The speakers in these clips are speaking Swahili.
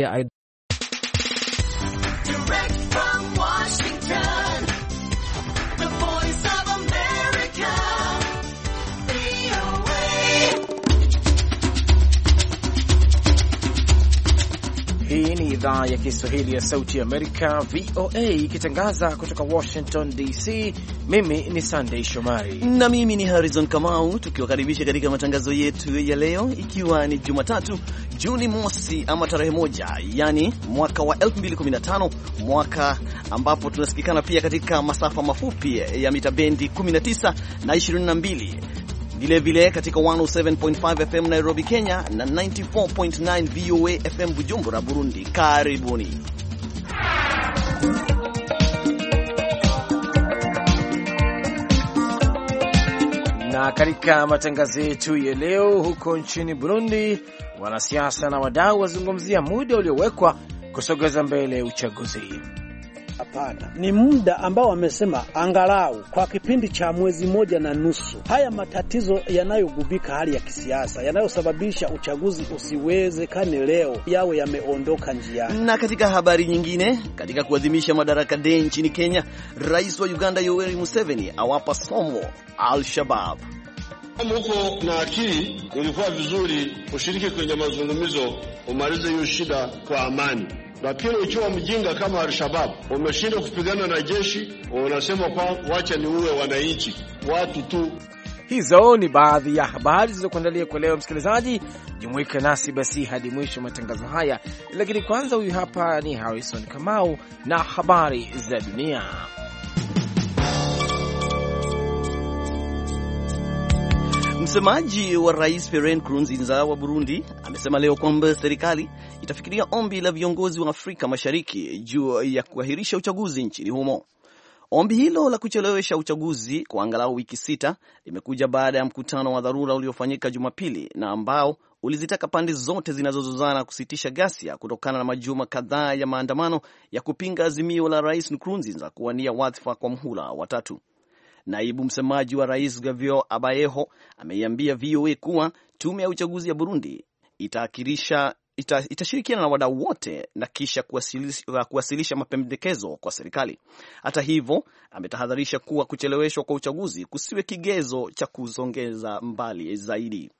I... Direct from Washington. Hii ni idhaa ya Kiswahili ya Sauti ya Amerika, VOA, ikitangaza kutoka Washington DC. Mimi ni Sandei Shomari na mimi ni Harrison Kamau, tukiwakaribisha katika matangazo yetu ya leo, ikiwa ni Jumatatu Juni mosi ama tarehe moja, yani mwaka wa 2015 mwaka ambapo tunasikikana pia katika masafa mafupi ya mita bendi 19 na 22 vilevile katika 107.5 FM Nairobi, Kenya na 94.9 VOA FM Bujumbura, Burundi. Karibuni. Na katika matangazo yetu ya leo, huko nchini Burundi, wanasiasa na wadau wazungumzia muda uliowekwa kusogeza mbele uchaguzi. Hapana, ni muda ambao wamesema angalau kwa kipindi cha mwezi moja na nusu, haya matatizo yanayogubika hali ya kisiasa yanayosababisha uchaguzi usiwezekane leo yawe yameondoka njiani. Na katika habari nyingine, katika kuadhimisha Madaraka Day nchini Kenya, rais wa Uganda Yoweri Museveni awapa somo Al-Shabab. Kama uko na akili, ilikuwa vizuri ushiriki kwenye mazungumzo, umalize hiyo shida kwa amani. Lakini ukiwa mjinga kama Al-Shabab, umeshindwa kupigana na jeshi, unasema kwa wacha ni uwe wananchi watu tu. Hizo ni baadhi ya habari zilizokuandalia kwa leo. Msikilizaji, jumuika nasi basi hadi mwisho matangazo haya, lakini kwanza, huyu hapa ni Harrison Kamau na habari za dunia. Msemaji wa rais Pierre Nkurunziza wa Burundi amesema leo kwamba serikali itafikiria ombi la viongozi wa Afrika Mashariki juu ya kuahirisha uchaguzi nchini humo. Ombi hilo la kuchelewesha uchaguzi kwa angalau wiki sita limekuja baada ya mkutano wa dharura uliofanyika Jumapili na ambao ulizitaka pande zote zinazozozana kusitisha ghasia kutokana na majuma kadhaa ya maandamano ya kupinga azimio la rais Nkurunziza kuwania wadhifa kwa mhula watatu. Naibu msemaji wa rais Gavio Abayeho ameiambia VOA kuwa tume ya uchaguzi ya Burundi itaakirisha ita, itashirikiana na wadau wote na kisha kuwasilisha, kuwasilisha mapendekezo kwa serikali. Hata hivyo, ametahadharisha kuwa kucheleweshwa kwa uchaguzi kusiwe kigezo cha kuzongeza mbali zaidi.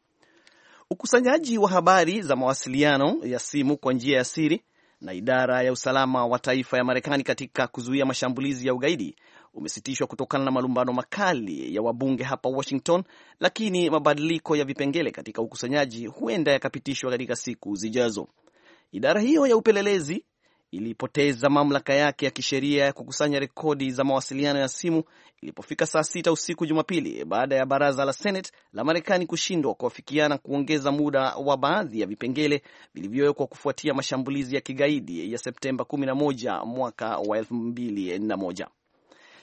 Ukusanyaji wa habari za mawasiliano ya simu kwa njia ya siri na idara ya usalama wa taifa ya Marekani katika kuzuia mashambulizi ya ugaidi umesitishwa kutokana na malumbano makali ya wabunge hapa Washington, lakini mabadiliko ya vipengele katika ukusanyaji huenda yakapitishwa katika siku zijazo. Idara hiyo ya upelelezi ilipoteza mamlaka yake ya kisheria ya kukusanya rekodi za mawasiliano ya simu ilipofika saa sita usiku Jumapili baada ya baraza la Senate la Marekani kushindwa kuafikiana kuongeza muda wa baadhi ya vipengele vilivyowekwa kufuatia mashambulizi ya kigaidi ya Septemba 11 mwaka wa 2001.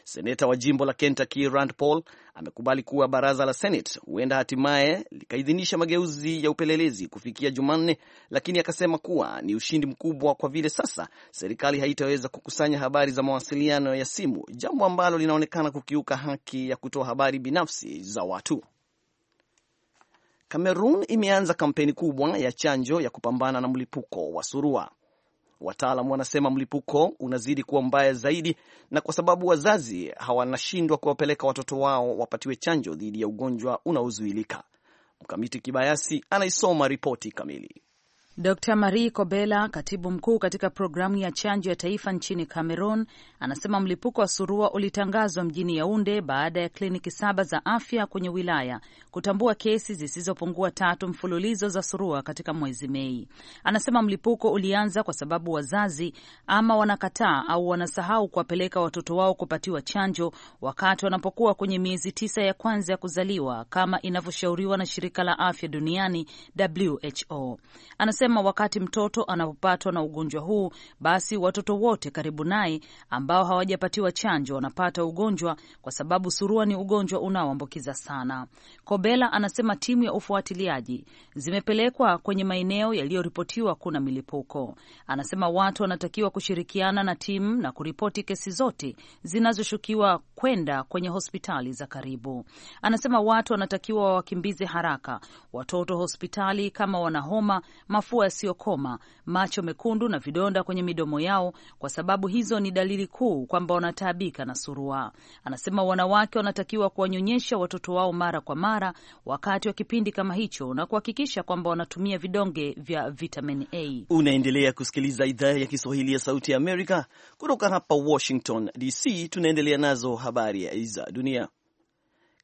Seneta wa jimbo la Kentucky Rand Paul amekubali kuwa baraza la Senate huenda hatimaye likaidhinisha mageuzi ya upelelezi kufikia Jumanne, lakini akasema kuwa ni ushindi mkubwa kwa vile sasa serikali haitaweza kukusanya habari za mawasiliano ya simu, jambo ambalo linaonekana kukiuka haki ya kutoa habari binafsi za watu. Kamerun imeanza kampeni kubwa ya chanjo ya kupambana na mlipuko wa surua. Wataalam wanasema mlipuko unazidi kuwa mbaya zaidi, na kwa sababu wazazi hawanashindwa kuwapeleka watoto wao wapatiwe chanjo dhidi ya ugonjwa unaozuilika. Mkamiti Kibayasi anaisoma ripoti kamili. Dr Marie Kobela, katibu mkuu katika programu ya chanjo ya taifa nchini Cameroon, anasema mlipuko wa surua ulitangazwa mjini Yaunde baada ya kliniki saba za afya kwenye wilaya kutambua kesi zisizopungua tatu mfululizo za surua katika mwezi Mei. Anasema mlipuko ulianza kwa sababu wazazi ama wanakataa au wanasahau kuwapeleka watoto wao kupatiwa chanjo wakati wanapokuwa kwenye miezi tisa ya kwanza ya kuzaliwa kama inavyoshauriwa na shirika la afya duniani WHO. Anasema anasema wakati mtoto anapopatwa na ugonjwa huu, basi watoto wote karibu naye ambao hawajapatiwa chanjo wanapata ugonjwa, kwa sababu surua ni ugonjwa unaoambukiza sana. Kobela anasema timu ya ufuatiliaji zimepelekwa kwenye maeneo yaliyoripotiwa kuna milipuko. Anasema watu wanatakiwa kushirikiana na timu na kuripoti kesi zote zinazoshukiwa kwenda kwenye hospitali za karibu. Anasema watu wanatakiwa wawakimbize haraka watoto hospitali kama wana homa, mafua mafua yasiyokoma, macho mekundu na vidonda kwenye midomo yao, kwa sababu hizo ni dalili kuu kwamba wanataabika na surua. Anasema wanawake wanatakiwa kuwanyonyesha watoto wao mara kwa mara wakati wa kipindi kama hicho na kuhakikisha kwamba wanatumia vidonge vya vitamin A. Unaendelea kusikiliza idhaa ya Kiswahili ya Sauti ya Amerika kutoka hapa Washington DC. Tunaendelea nazo habari za dunia.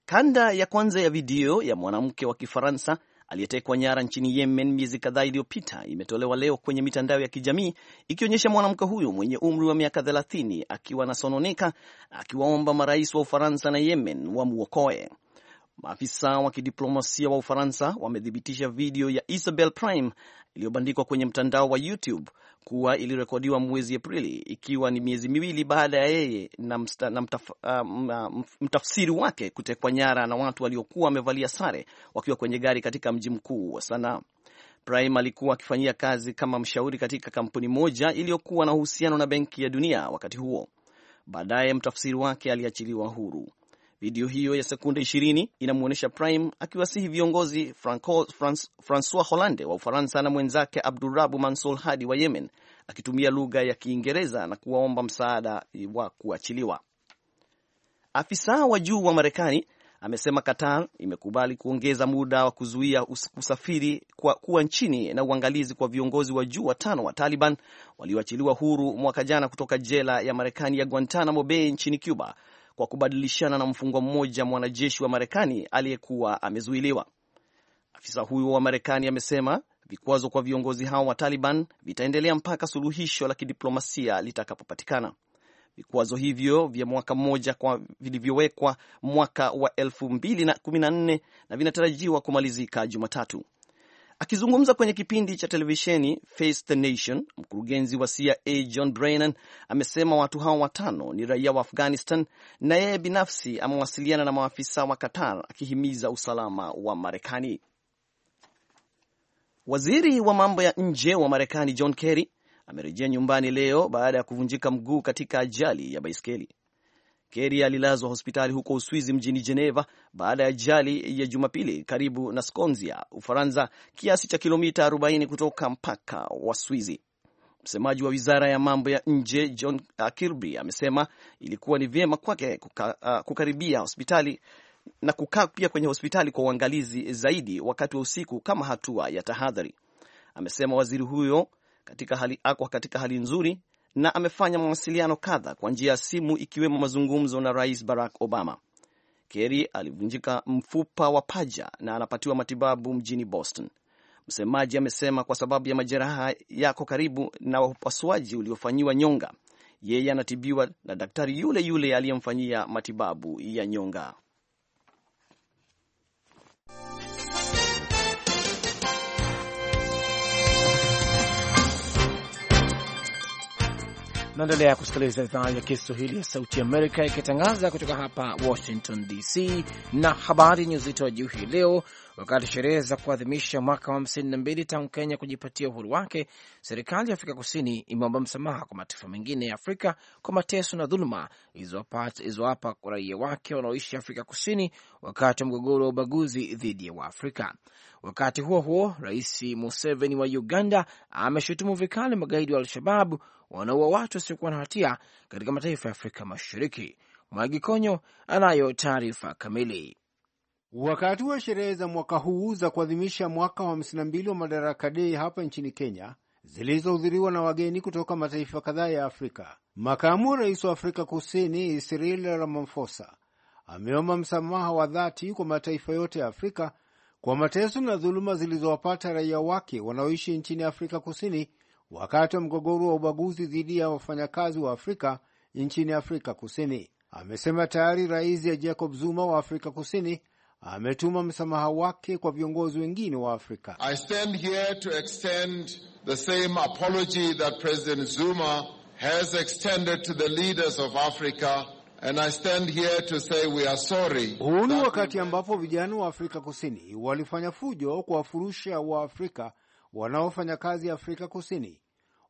Kanda ya kwanza ya video ya mwanamke wa Kifaransa aliyetekwa nyara nchini Yemen miezi kadhaa iliyopita imetolewa leo kwenye mitandao ya kijamii ikionyesha mwanamke huyo mwenye umri wa miaka 30 akiwa anasononeka akiwaomba marais wa Ufaransa na Yemen wamwokoe. Maafisa wa kidiplomasia wa Ufaransa wamethibitisha video ya Isabel Prime iliyobandikwa kwenye mtandao wa YouTube kuwa ilirekodiwa mwezi Aprili, ikiwa ni miezi miwili baada ya yeye na, msta, na mtaf, uh, mtafsiri wake kutekwa nyara na watu waliokuwa wamevalia sare wakiwa kwenye gari katika mji mkuu wa Sanaa. Prime alikuwa akifanyia kazi kama mshauri katika kampuni moja iliyokuwa na uhusiano na Benki ya Dunia wakati huo. Baadaye mtafsiri wake aliachiliwa huru. Video hiyo ya sekunde 20 inamwonyesha Prime akiwasihi viongozi Franco, Frans, Francois Hollande wa Ufaransa na mwenzake Abdurabu Mansur Hadi wa Yemen akitumia lugha ya Kiingereza na kuwaomba msaada wa kuachiliwa. Afisa wa juu wa Marekani amesema Qatar imekubali kuongeza muda wa kuzuia kusafiri kwa kuwa nchini na uangalizi kwa viongozi wa juu watano wa Taliban walioachiliwa huru mwaka jana kutoka jela ya Marekani ya Guantanamo Bay nchini Cuba kwa kubadilishana na mfungwa mmoja mwanajeshi wa Marekani aliyekuwa amezuiliwa. Afisa huyo wa Marekani amesema vikwazo kwa viongozi hao wa Taliban vitaendelea mpaka suluhisho la kidiplomasia litakapopatikana. Vikwazo hivyo vya mwaka mmoja kwa vilivyowekwa mwaka wa 2014 na vinatarajiwa kumalizika Jumatatu. Akizungumza kwenye kipindi cha televisheni Face the Nation, mkurugenzi wa CIA John Brennan amesema watu hao watano ni raia wa Afghanistan na yeye binafsi amewasiliana na maafisa wa Qatar akihimiza usalama wa Marekani. Waziri wa mambo ya nje wa Marekani John Kerry amerejea nyumbani leo baada ya kuvunjika mguu katika ajali ya baiskeli. Kerry alilazwa hospitali huko Uswizi mjini Geneva baada ya ajali ya Jumapili karibu na Skonzia, Ufaransa, kiasi cha kilomita 40 kutoka mpaka wa Swizi. Msemaji wa wizara ya mambo ya nje John Kirby amesema ilikuwa ni vyema kwake kuka, uh, kukaribia hospitali na kukaa pia kwenye hospitali kwa uangalizi zaidi wakati wa usiku kama hatua ya tahadhari. Amesema waziri huyo katika hali, ako katika hali nzuri na amefanya mawasiliano kadha kwa njia ya simu ikiwemo mazungumzo na Rais Barack Obama. Kerry alivunjika mfupa wa paja na anapatiwa matibabu mjini Boston. Msemaji amesema kwa sababu ya majeraha yako karibu na upasuaji uliofanyiwa nyonga, yeye anatibiwa na daktari yule yule aliyemfanyia matibabu ya nyonga. Naendelea kusikiliza idhaa ya Kiswahili ya Sauti Amerika ikitangaza kutoka hapa Washington DC, na habari ni uzito wa juu hii leo. Wakati sherehe za kuadhimisha mwaka wa 52 tangu Kenya kujipatia uhuru wake, serikali ya Afrika Kusini imeomba msamaha kwa mataifa mengine ya Afrika kwa mateso na dhuluma ilizowapa raia wake wanaoishi Afrika Kusini wakati wa mgogoro wa ubaguzi dhidi ya Waafrika. Wakati huo huo, Rais Museveni wa Uganda ameshutumu vikali magaidi wa Al-Shababu wanaua watu wasiokuwa na hatia katika mataifa ya Afrika Mashariki. Konyo anayo taarifa kamili. Wakati wa sherehe za mwaka huu za kuadhimisha mwaka wa 52 wa Madaraka Dei hapa nchini Kenya zilizohudhuriwa na wageni kutoka mataifa kadhaa ya Afrika, makamu rais wa Afrika Kusini Cyril Ramaphosa ameomba msamaha wa dhati kwa mataifa yote ya Afrika kwa mateso na dhuluma zilizowapata raia wake wanaoishi nchini Afrika Kusini wakati wa mgogoro wa ubaguzi dhidi ya wafanyakazi wa Afrika nchini Afrika Kusini. Amesema tayari rais ya Jacob Zuma wa Afrika Kusini ametuma msamaha wake kwa viongozi wengine wa Afrika. I stand here to extend the same apology that President Zuma has extended to the leaders of Africa and I stand here to say we are sorry. Huu ni wakati ambapo vijana wa Afrika Kusini walifanya fujo kuwafurusha wa Afrika wanaofanya kazi Afrika Kusini.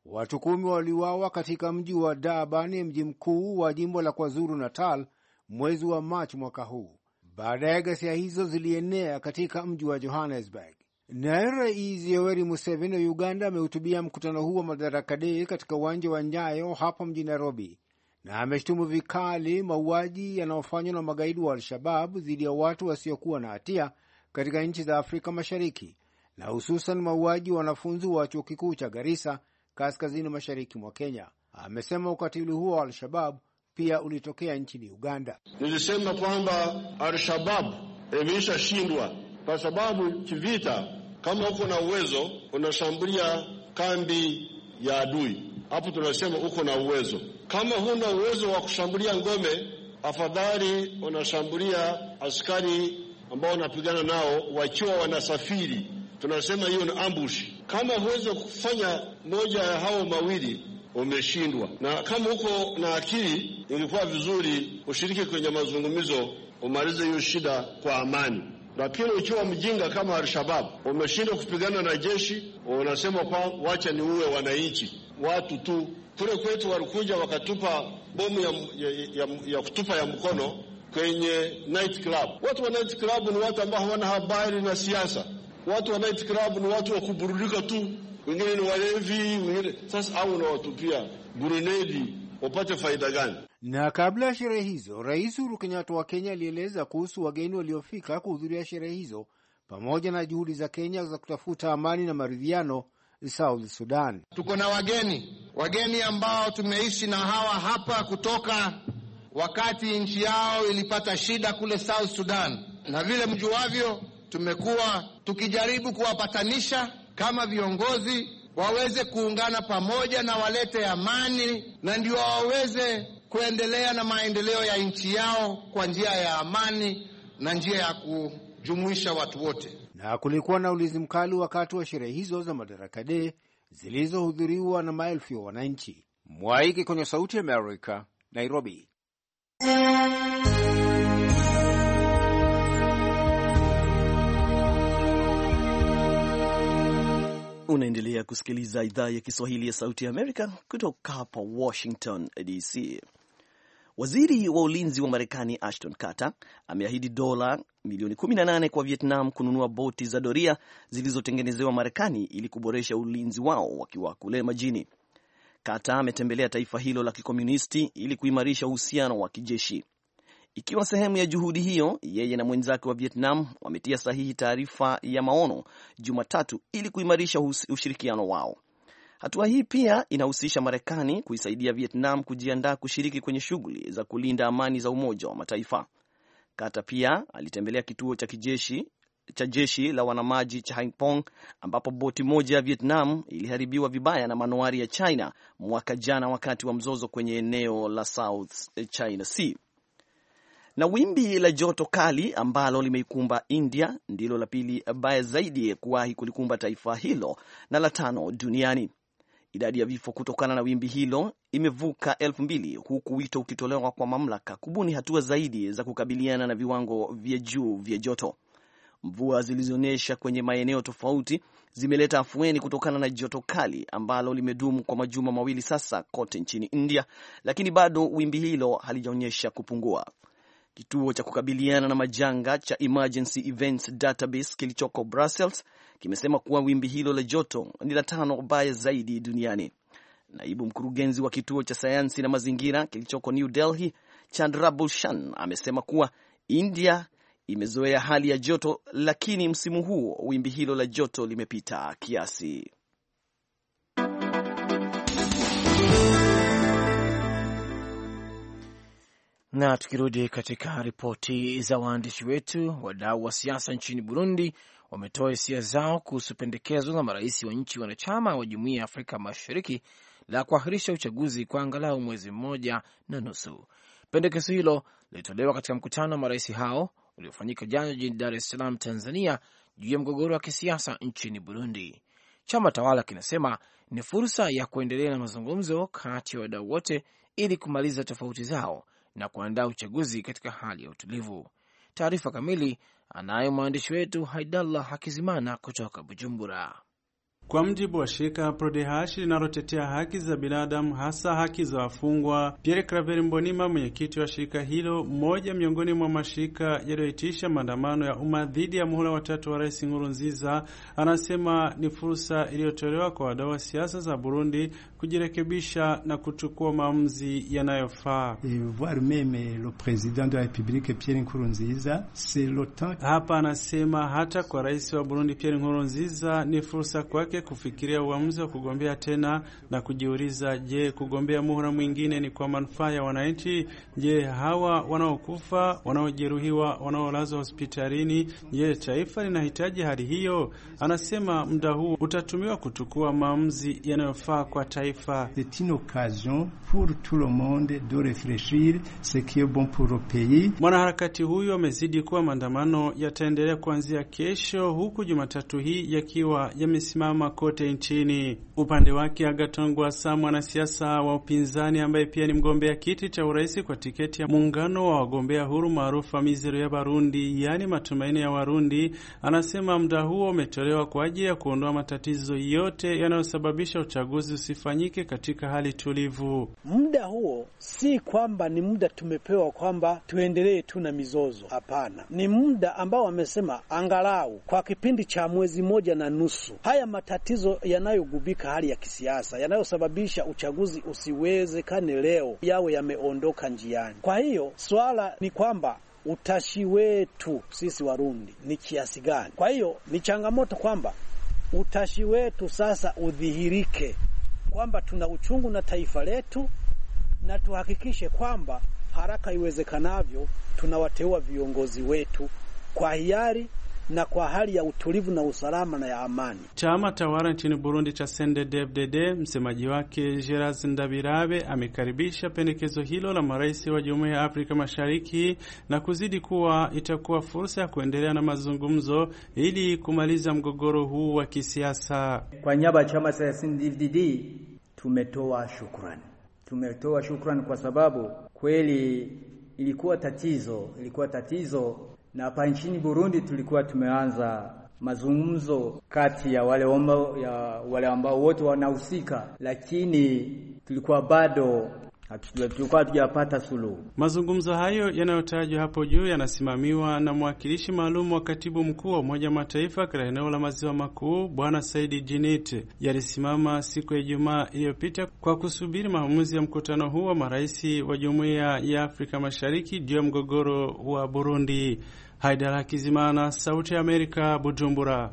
Watu kumi waliuawa katika mji wa Durban, mji mkuu wa jimbo la KwaZulu Natal, mwezi wa Machi mwaka huu. Baadaye ghasia hizo zilienea katika mji wa Johannesburg. Naye Rais Yoweri Museveni wa Uganda amehutubia mkutano huu wa Madaraka Dei katika uwanja wa Nyayo hapa mjini Nairobi, na ameshutumu vikali mauaji yanayofanywa na magaidi wa Al-Shabab dhidi ya watu wasiokuwa na hatia katika nchi za Afrika Mashariki, na hususan mauaji wanafunzi wa chuo kikuu cha Garissa kaskazini mashariki mwa Kenya. Amesema ukatili huo wa Al-Shabab pia ulitokea nchini Uganda. Nilisema kwamba Al-Shabab imeshashindwa kwa sababu kivita, kama uko na uwezo unashambulia kambi ya adui, hapo tunasema uko na uwezo. Kama huna uwezo wa kushambulia ngome, afadhali unashambulia askari ambao wanapigana nao wakiwa wanasafiri tunasema hiyo ni ambush. Kama huwezi kufanya moja ya hao mawili umeshindwa, na kama uko na akili, ingekuwa vizuri ushiriki kwenye mazungumzo, umalize hiyo shida kwa amani. Lakini ukiwa mjinga kama Al-Shabab, umeshindwa kupigana na jeshi, unasema kwa wacha ni uwe wananchi watu tu. Kule kwetu walikuja wakatupa bomu ya, ya, ya, ya kutupa ya mkono kwenye night club. Watu wa night club ni watu ambao hawana habari na siasa. Watu wa night club ni watu wa kuburudika tu, wengine ni walevi, wengine sasa, au unawatupia gurunedi wapate faida gani? Na kabla ya sherehe hizo, Rais Uhuru Kenyatta wa Kenya alieleza kuhusu wageni waliofika kuhudhuria sherehe hizo pamoja na juhudi za Kenya za kutafuta amani na maridhiano South Sudan. Tuko na wageni, wageni ambao tumeishi na hawa hapa kutoka wakati nchi yao ilipata shida kule South Sudan, na vile mjuavyo tumekuwa tukijaribu kuwapatanisha kama viongozi waweze kuungana pamoja na walete amani, na ndio waweze kuendelea na maendeleo ya nchi yao kwa njia ya amani na njia ya kujumuisha watu wote. Na kulikuwa na ulinzi mkali wakati wa sherehe hizo za Madaraka Day zilizohudhuriwa na maelfu ya wananchi. Mwaiki kwenye Sauti ya Amerika, Nairobi. Unaendelea kusikiliza idhaa ya Kiswahili ya Sauti ya Amerika kutoka hapa Washington DC. Waziri wa ulinzi wa Marekani Ashton Carter ameahidi dola milioni 18 kwa Vietnam kununua boti za doria zilizotengenezewa Marekani ili kuboresha ulinzi wao wakiwa kule majini. Carter ametembelea taifa hilo la kikomunisti ili kuimarisha uhusiano wa kijeshi. Ikiwa sehemu ya juhudi hiyo, yeye na mwenzake wa Vietnam wametia sahihi taarifa ya maono Jumatatu ili kuimarisha ushirikiano wao. Hatua hii pia inahusisha Marekani kuisaidia Vietnam kujiandaa kushiriki kwenye shughuli za kulinda amani za Umoja wa Mataifa. Kata pia alitembelea kituo cha kijeshi cha jeshi la wanamaji cha Haiphong ambapo boti moja ya Vietnam iliharibiwa vibaya na manowari ya China mwaka jana wakati wa mzozo kwenye eneo la South China Sea. Na wimbi la joto kali ambalo limeikumba India ndilo la pili baya zaidi kuwahi kulikumba taifa hilo na la tano duniani. Idadi ya vifo kutokana na wimbi hilo imevuka elfu mbili huku wito ukitolewa kwa mamlaka kubuni hatua zaidi za kukabiliana na viwango vya juu vya joto. Mvua zilizonyesha kwenye maeneo tofauti zimeleta afueni kutokana na joto kali ambalo limedumu kwa majuma mawili sasa kote nchini India, lakini bado wimbi hilo halijaonyesha kupungua. Kituo cha kukabiliana na majanga cha Emergency Events Database kilichoko Brussels kimesema kuwa wimbi hilo la joto ni la tano baya zaidi duniani. Naibu mkurugenzi wa kituo cha sayansi na mazingira kilichoko New Delhi, Chandra Bhushan, amesema kuwa India imezoea hali ya joto, lakini msimu huo wimbi hilo la joto limepita kiasi. Na tukirudi katika ripoti za waandishi wetu, wadau wa siasa nchini Burundi wametoa hisia zao kuhusu pendekezo la marais wa nchi wanachama wa Jumuiya ya Afrika Mashariki la kuahirisha uchaguzi kwa angalau mwezi mmoja na nusu. Pendekezo hilo lilitolewa katika mkutano wa marais hao uliofanyika jana jijini Dar es Salaam, Tanzania, juu ya mgogoro wa kisiasa nchini Burundi. Chama tawala kinasema ni fursa ya kuendelea na mazungumzo kati ya wadau wote ili kumaliza tofauti zao na kuandaa uchaguzi katika hali ya utulivu. Taarifa kamili anayo mwandishi wetu Haidallah Hakizimana kutoka Bujumbura. Kwa mjibu wa shirika prodehashi linalotetea haki za binadamu hasa haki za wafungwa, Pierre Claver Mbonima, mwenyekiti wa shirika hilo, mmoja miongoni mwa mashirika yaliyoitisha maandamano ya umma dhidi ya muhula watatu wa Rais Nkurunziza, anasema ni fursa iliyotolewa kwa wadau wa siasa za Burundi kujirekebisha na kuchukua maamuzi yanayofaa. Hapa anasema hata kwa rais wa Burundi Pierre Nkurunziza ni fursa kwake kufikiria uamuzi wa kugombea tena na kujiuliza, je, kugombea muhula mwingine ni kwa manufaa ya wananchi? Je, hawa wanaokufa, wanaojeruhiwa, wanaolazwa hospitalini, je, taifa linahitaji hali hiyo? Anasema muda huu utatumiwa kuchukua maamuzi yanayofaa kwa taifa. C'est une occasion pour tout le monde de réfléchir ce qui est bon pour le pays. Mwanaharakati huyo amezidi kuwa maandamano yataendelea kuanzia kesho, huku Jumatatu hii yakiwa yamesimama vyama kote nchini. Upande wake Agaton Rwasa, mwanasiasa wa upinzani ambaye pia ni mgombea kiti cha urais kwa tiketi ya muungano wa wagombea huru maarufu Amizero ya Barundi, yaani matumaini ya Warundi, anasema muda huo umetolewa kwa ajili ya kuondoa matatizo yote yanayosababisha uchaguzi usifanyike katika hali tulivu. Muda huo si kwamba ni muda tumepewa kwamba tuendelee tu na mizozo, hapana. Ni muda ambao wamesema angalau kwa kipindi cha mwezi moja na nusu haya matatizo yanayogubika hali ya kisiasa yanayosababisha uchaguzi usiwezekane leo yawe yameondoka njiani. Kwa hiyo swala ni kwamba utashi wetu sisi Warundi ni kiasi gani? Kwa hiyo ni changamoto kwamba utashi wetu sasa udhihirike kwamba tuna uchungu na taifa letu na tuhakikishe kwamba haraka iwezekanavyo tunawateua viongozi wetu kwa hiari na kwa hali ya utulivu na usalama na ya amani. Chama tawala nchini Burundi cha CNDD-FDD, msemaji wake Gerard Ndabirabe amekaribisha pendekezo hilo la marais wa Jumuiya ya Afrika Mashariki na kuzidi kuwa itakuwa fursa ya kuendelea na mazungumzo ili kumaliza mgogoro huu wa kisiasa. Kwa niaba ya chama cha CNDD-FDD tumetoa shukrani, tumetoa shukrani kwa sababu kweli ilikuwa tatizo, ilikuwa tatizo na hapa nchini Burundi tulikuwa tumeanza mazungumzo kati ya wale ambao, ya wale ambao wote wanahusika, lakini tulikuwa bado tulikuwa hatujapata suluhu. Mazungumzo hayo yanayotajwa hapo juu yanasimamiwa na mwakilishi maalum wa katibu mkuu wa Umoja wa Mataifa katika eneo la Maziwa Makuu, Bwana Saidi Jinit, yalisimama siku ya Ijumaa iliyopita kwa kusubiri maamuzi ya mkutano huu wa marais wa Jumuiya ya Afrika Mashariki juu ya mgogoro wa Burundi. Haidara Kizimana, Sauti ya Amerika, Bujumbura.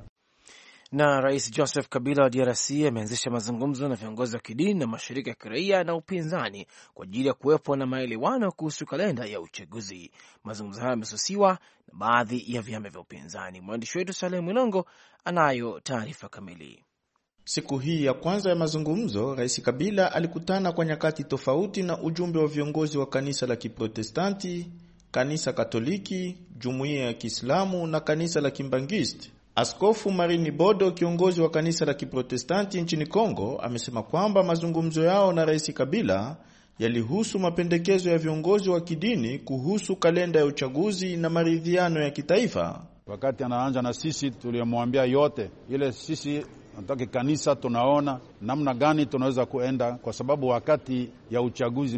Na Rais Joseph Kabila wa DRC ameanzisha mazungumzo na viongozi wa kidini na mashirika ya kiraia na upinzani kwa ajili ya kuwepo na maelewano kuhusu kalenda ya uchaguzi. Mazungumzo hayo yamesusiwa na baadhi ya vyama vya upinzani. Mwandishi wetu Saleh Mwilongo anayo taarifa kamili. Siku hii ya kwanza ya mazungumzo, Rais Kabila alikutana kwa nyakati tofauti na ujumbe wa viongozi wa kanisa la Kiprotestanti, kanisa Katoliki, jumuiya ya Kiislamu na kanisa la Kimbangisti. Askofu Marini Bodo, kiongozi wa kanisa la Kiprotestanti nchini Kongo, amesema kwamba mazungumzo yao na Rais Kabila yalihusu mapendekezo ya viongozi wa kidini kuhusu kalenda ya uchaguzi na maridhiano ya kitaifa. Wakati anaanja na sisi, tuliyemwambia yote ile sisi nataka kanisa tunaona namna gani tunaweza kuenda, kwa sababu wakati ya uchaguzi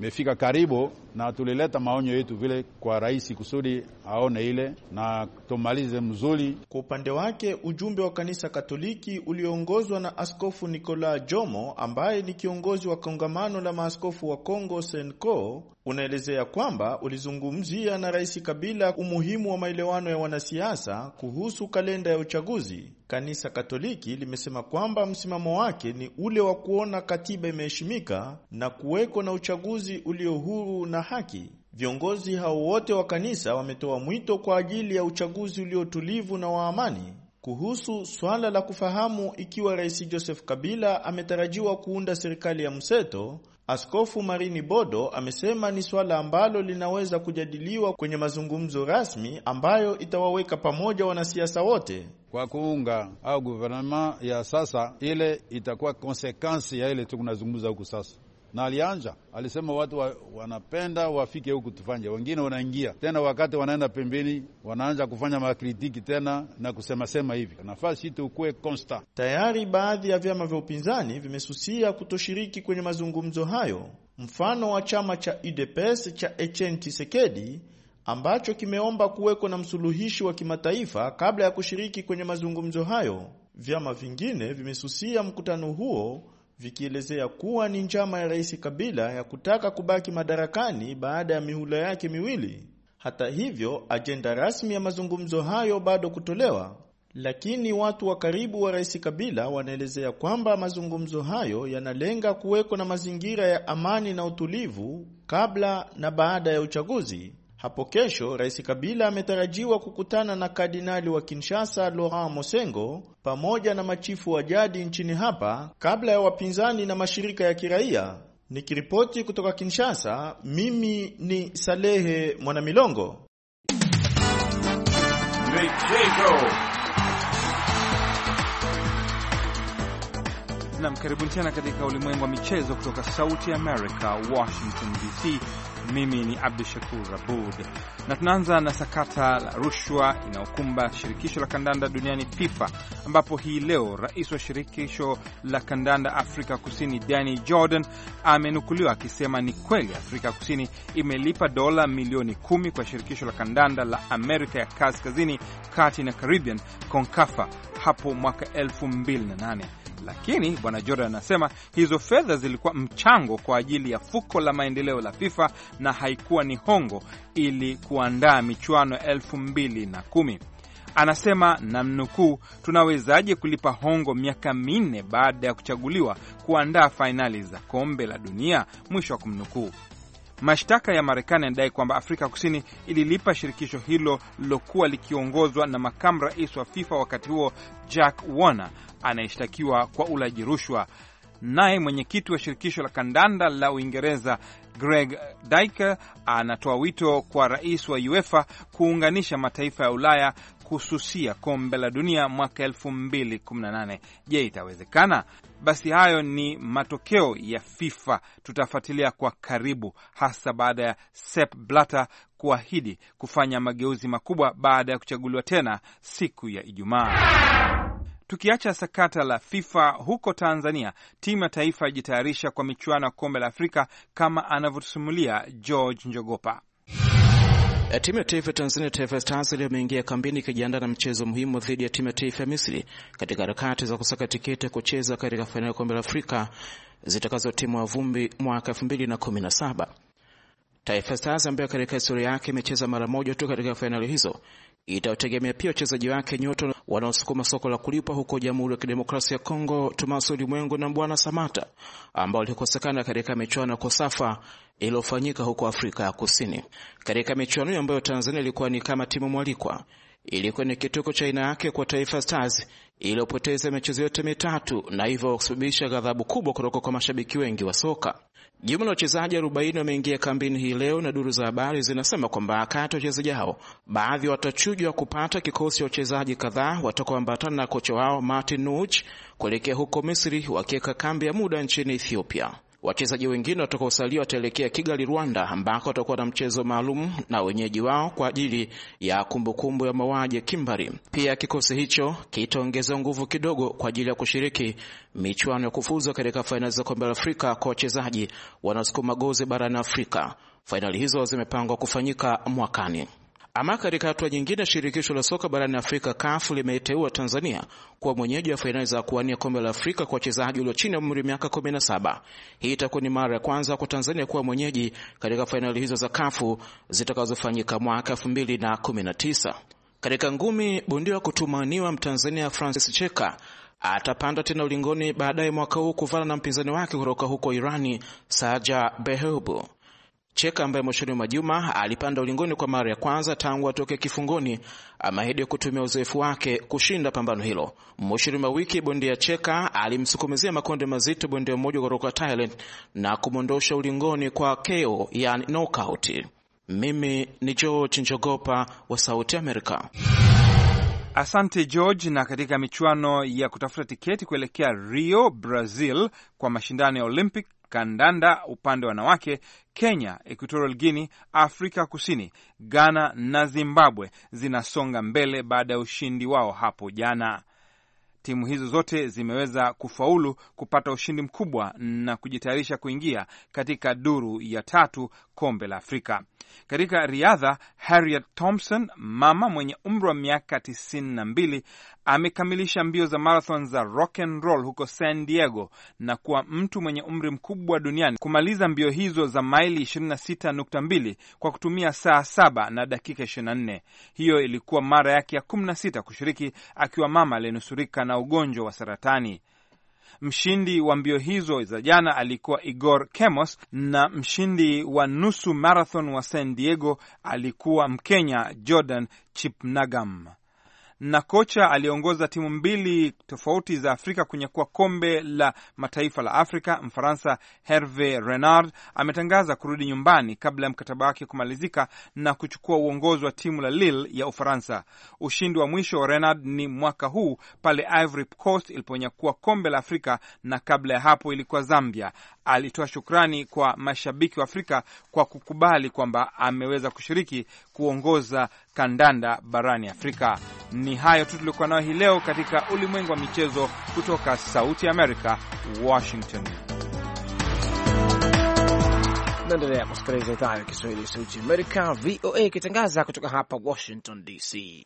imefika karibu, na tulileta maonyo yetu vile kwa rais kusudi aone ile na tumalize mzuri. Kwa upande wake, ujumbe wa kanisa Katoliki ulioongozwa na Askofu Nicola Jomo ambaye ni kiongozi wa kongamano la maaskofu wa Kongo Senko unaelezea kwamba ulizungumzia na Rais Kabila umuhimu wa maelewano ya wanasiasa kuhusu kalenda ya uchaguzi. Kanisa Katoliki limesema kwamba msimamo wake ni ule wa kuona katiba imeheshimika na kuweko na uchaguzi uchaguzi ulio huru na haki. Viongozi hao wote wa kanisa wametoa mwito kwa ajili ya uchaguzi tulivu na wa amani. Kuhusu swala la kufahamu ikiwa Rais Joseph Kabila ametarajiwa kuunda serikali ya mseto, Askofu Marini Bodo amesema ni swala ambalo linaweza kujadiliwa kwenye mazungumzo rasmi ambayo itawaweka pamoja wanasiasa wote. Kwa kuunga au guvernema ya sasa, ile itakuwa konsekansi ya ile tunazungumza huku sasa na alianza alisema watu wa, wanapenda wafike huku tufanye, wengine wanaingia tena, wakati wanaenda pembeni wanaanza kufanya makritiki tena na kusemasema hivi. Nafasi tukue konsta. Tayari baadhi ya vyama vya upinzani vimesusia kutoshiriki kwenye mazungumzo hayo, mfano wa chama cha UDPS cha Etienne Tshisekedi ambacho kimeomba kuweko na msuluhishi wa kimataifa kabla ya kushiriki kwenye mazungumzo hayo. Vyama vingine vimesusia mkutano huo vikielezea kuwa ni njama ya Rais Kabila ya kutaka kubaki madarakani baada ya mihula yake miwili. Hata hivyo, ajenda rasmi ya mazungumzo hayo bado kutolewa, lakini watu wa karibu wa Rais Kabila wanaelezea kwamba mazungumzo hayo yanalenga kuweko na mazingira ya amani na utulivu kabla na baada ya uchaguzi. Hapo kesho Rais Kabila ametarajiwa kukutana na kardinali wa Kinshasa Laurent Mosengo pamoja na machifu wa jadi nchini hapa kabla ya wapinzani na mashirika ya kiraia. Nikiripoti kutoka Kinshasa, mimi ni Salehe Mwanamilongo. Michezo. Nam, karibuni tena katika ulimwengu wa michezo kutoka Sauti America, Washington DC. Mimi ni Abdu Shakur Abud, na tunaanza na sakata la rushwa inayokumba shirikisho la kandanda duniani FIFA, ambapo hii leo rais wa shirikisho la kandanda Afrika Kusini Danny Jordan amenukuliwa akisema ni kweli Afrika Kusini imelipa dola milioni kumi kwa shirikisho la kandanda la Amerika ya Kaskazini, Kati na Caribbean, CONCACAF hapo mwaka 2008 lakini bwana Jordan anasema hizo fedha zilikuwa mchango kwa ajili ya fuko la maendeleo la FIFA na haikuwa ni hongo ili kuandaa michuano elfu mbili na kumi. Anasema namnukuu, tunawezaje kulipa hongo miaka minne baada ya kuchaguliwa kuandaa fainali za kombe la dunia, mwisho wa kumnukuu. Mashtaka ya Marekani yanadai kwamba Afrika Kusini ililipa shirikisho hilo lilokuwa likiongozwa na makamu rais wa FIFA wakati huo Jack Warner anayeshtakiwa kwa ulaji rushwa. Naye mwenyekiti wa shirikisho la kandanda la Uingereza Greg Dyker anatoa wito kwa rais wa UEFA kuunganisha mataifa ya Ulaya kususia kombe la dunia mwaka 2018. Je, itawezekana? Basi hayo ni matokeo ya FIFA, tutafuatilia kwa karibu, hasa baada ya Sepp Blatter kuahidi kufanya mageuzi makubwa baada ya kuchaguliwa tena siku ya Ijumaa. Tukiacha sakata la FIFA huko Tanzania, timu ya taifa ijitayarisha kwa michuano ya kombe la Afrika kama anavyotusimulia George Njogopa. Eh, timu ya taifa Tanzania, Taifa Stars, imeingia kambini ikijiandaa na mchezo muhimu dhidi ya timu ya taifa ya Misri katika harakati za kusaka tiketi ya kucheza katika fainali ya kombe la Afrika ya vumbi mwaka 2017. Taifa Stars ambayo katika historia yake imecheza mara moja tu katika fainali hizo itayotegemea pia wachezaji wake nyoto wanaosukuma soko la kulipa huko Jamhuri ya Kidemokrasia ya Kongo, Tomas Ulimwengu na Mbwana Samata ambao walikosekana katika michuano ya Kosafa iliyofanyika huko Afrika ya Kusini. Katika michuano hiyo ambayo Tanzania ilikuwa ni kama timu mwalikwa, ilikuwa ni kituko cha aina yake kwa Taifa Stars iliyopoteza michezo yote mitatu na hivyo kusababisha ghadhabu kubwa kutoka kwa mashabiki wengi wa soka. Jumla ya wachezaji 40 wameingia kambini hii leo, na duru za habari zinasema kwamba kati ya wachezaji hao baadhi watachujwa kupata kikosi cha wachezaji kadhaa watakaoambatana na kocha wao Martin Nuch kuelekea huko Misri, wakiweka kambi ya muda nchini Ethiopia. Wachezaji wengine watoka wataelekea Kigali, Rwanda, ambako watakuwa na mchezo maalum na wenyeji wao kwa ajili ya kumbukumbu kumbu ya mauaji ya kimbari. Pia kikosi hicho kitaongeza nguvu kidogo kwa ajili ya kushiriki michuano ya kufuzwa katika fainali za kombe la Afrika kwa wachezaji wanaosukuma gozi barani Afrika. Fainali hizo zimepangwa kufanyika mwakani. Ama katika hatua nyingine, shirikisho la soka barani Afrika kafu limeteua Tanzania kuwa mwenyeji wa fainali za kuwania kombe la Afrika kwa wachezaji walio chini ya umri miaka 17. Hii itakuwa ni mara ya kwanza kwa Tanzania kuwa mwenyeji katika fainali hizo za kafu zitakazofanyika mwaka 2019. Katika ngumi bondia wa kutumaniwa, Mtanzania Francis Cheka atapanda tena ulingoni baadaye mwaka huu kuvana na mpinzani wake kutoka huko Irani Saja Behebu. Cheka ambaye mwishoni mwa juma alipanda ulingoni kwa mara ya kwanza tangu atoke kifungoni ameahidi kutumia uzoefu wake kushinda pambano hilo. Mwishoni mwa wiki bondia Cheka alimsukumizia makonde mazito bondia mmoja kutoka Thailand na kumwondosha ulingoni kwa KO, yani knockout. Mimi ni George Njogopa wa Sauti Amerika. Asante George. Na katika michuano ya kutafuta tiketi kuelekea Rio, Brazil, kwa mashindano ya Olympic kandanda upande wa wanawake, Kenya, Equatorial Guinea, Afrika Kusini, Ghana na Zimbabwe zinasonga mbele baada ya ushindi wao hapo jana. Timu hizo zote zimeweza kufaulu kupata ushindi mkubwa na kujitayarisha kuingia katika duru ya tatu kombe la Afrika. Katika riadha, Harriet Thompson, mama mwenye umri wa miaka tisini na mbili, Amekamilisha mbio za marathon za rock and roll huko San Diego na kuwa mtu mwenye umri mkubwa duniani kumaliza mbio hizo za maili 26.2 kwa kutumia saa saba na dakika 24. Hiyo ilikuwa mara yake ya 16 kushiriki akiwa mama aliyenusurika na ugonjwa wa saratani. Mshindi wa mbio hizo za jana alikuwa Igor Kemos na mshindi wa nusu marathon wa San Diego alikuwa Mkenya Jordan Chipnagam na kocha aliyeongoza timu mbili tofauti za Afrika kunyakua kombe la mataifa la Afrika. Mfaransa Herve Renard ametangaza kurudi nyumbani kabla ya mkataba wake kumalizika na kuchukua uongozi wa timu la Lille ya Ufaransa. Ushindi wa mwisho wa Renard ni mwaka huu pale Ivory Coast iliponyakua kombe la Afrika, na kabla ya hapo ilikuwa Zambia alitoa shukrani kwa mashabiki wa Afrika kwa kukubali kwamba ameweza kushiriki kuongoza kandanda barani Afrika. Ni hayo tu tuliokuwa nayo hii leo katika ulimwengu wa michezo, kutoka Sauti ya Amerika, Washington. Naendelea kusikiliza idhaa ya Kiswahili ya Sauti Amerika, VOA, ikitangaza kutoka hapa Washington DC.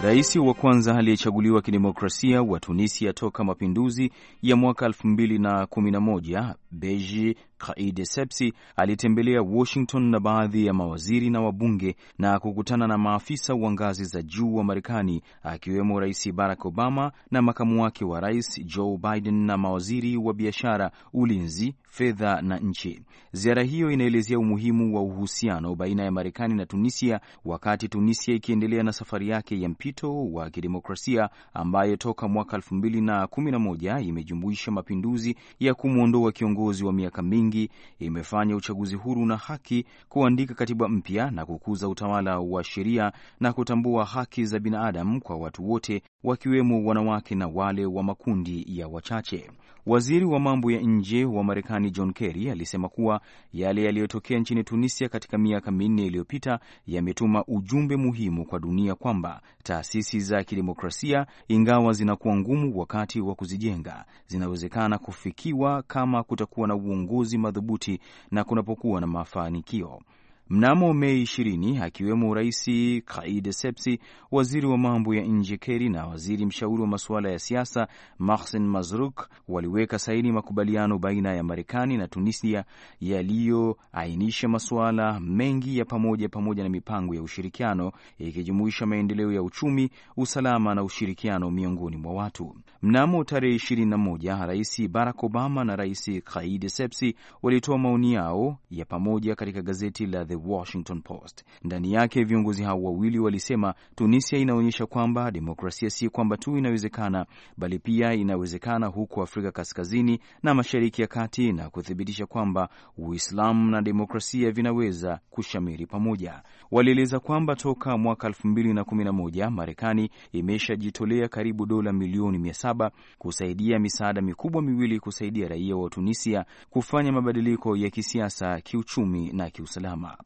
Rais wa kwanza aliyechaguliwa kidemokrasia wa Tunisia toka mapinduzi ya mwaka 2011 Beji Haide Sepsi alitembelea Washington na baadhi ya mawaziri na wabunge na kukutana na maafisa wa ngazi za juu wa Marekani akiwemo Rais Barack Obama na makamu wake wa rais Joe Biden na mawaziri wa biashara, ulinzi, fedha na nchi. Ziara hiyo inaelezea umuhimu wa uhusiano baina ya Marekani na Tunisia wakati Tunisia ikiendelea na safari yake ya mpito wa kidemokrasia ambayo toka mwaka 2011 imejumuisha mapinduzi ya kumwondoa kiongozi wa miaka mingi msingi imefanya uchaguzi huru na haki, kuandika katiba mpya na kukuza utawala wa sheria na kutambua haki za binadamu kwa watu wote, wakiwemo wanawake na wale wa makundi ya wachache. Waziri wa mambo ya nje wa Marekani John Kerry alisema kuwa yale yaliyotokea nchini Tunisia katika miaka minne iliyopita yametuma ujumbe muhimu kwa dunia kwamba taasisi za kidemokrasia, ingawa zinakuwa ngumu wakati wa kuzijenga, zinawezekana kufikiwa kama kutakuwa na uongozi madhubuti na kunapokuwa na mafanikio mnamo Mei 20 akiwemo Rais Kaide Sepsi, waziri wa mambo ya nje Keri na waziri mshauri wa masuala ya siasa Mahsen Mazruk waliweka saini makubaliano baina ya Marekani na Tunisia yaliyoainisha masuala mengi ya pamoja pamoja na mipango ya ushirikiano ikijumuisha maendeleo ya uchumi, usalama na ushirikiano miongoni mwa watu. Mnamo tarehe 21 Rais Barack Obama na Rais Kaide Sepsi walitoa maoni yao ya pamoja katika gazeti la The The Washington Post. Ndani yake viongozi hao wawili walisema Tunisia inaonyesha kwamba demokrasia si kwamba tu inawezekana, bali pia inawezekana huko Afrika Kaskazini na Mashariki ya Kati, na kuthibitisha kwamba Uislamu na demokrasia vinaweza kushamiri pamoja. Walieleza kwamba toka mwaka 2011 Marekani imeshajitolea karibu dola milioni 700 kusaidia misaada mikubwa miwili kusaidia raia wa Tunisia kufanya mabadiliko ya kisiasa, kiuchumi na kiusalama.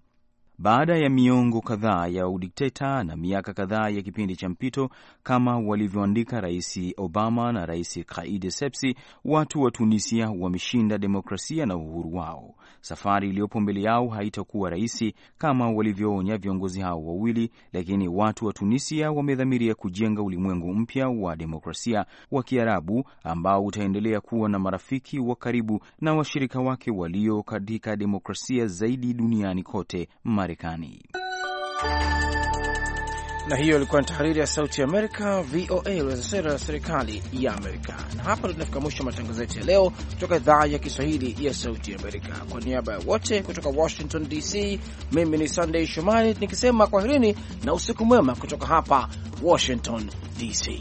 Baada ya miongo kadhaa ya udikteta na miaka kadhaa ya kipindi cha mpito, kama walivyoandika Rais Obama na Rais Kaid Sepsi, watu wa Tunisia wameshinda demokrasia na uhuru wao. Safari iliyopo mbele yao haitakuwa rahisi kama walivyoonya viongozi hao wawili, lakini watu wa Tunisia wamedhamiria kujenga ulimwengu mpya wa demokrasia wa Kiarabu ambao utaendelea kuwa na marafiki wa karibu na washirika wake walio katika demokrasia zaidi duniani kote. Marekani. Na hiyo ilikuwa ni tahariri ya Sauti ya Amerika, VOA iliweza sera ya serikali ya Amerika. Na hapa tunafika mwisho matangazo yetu ya leo kutoka idhaa ya Kiswahili ya Sauti Amerika. Kwa niaba ya wote kutoka Washington DC, mimi ni Sandey Shomari nikisema kwaherini na usiku mwema kutoka hapa Washington DC.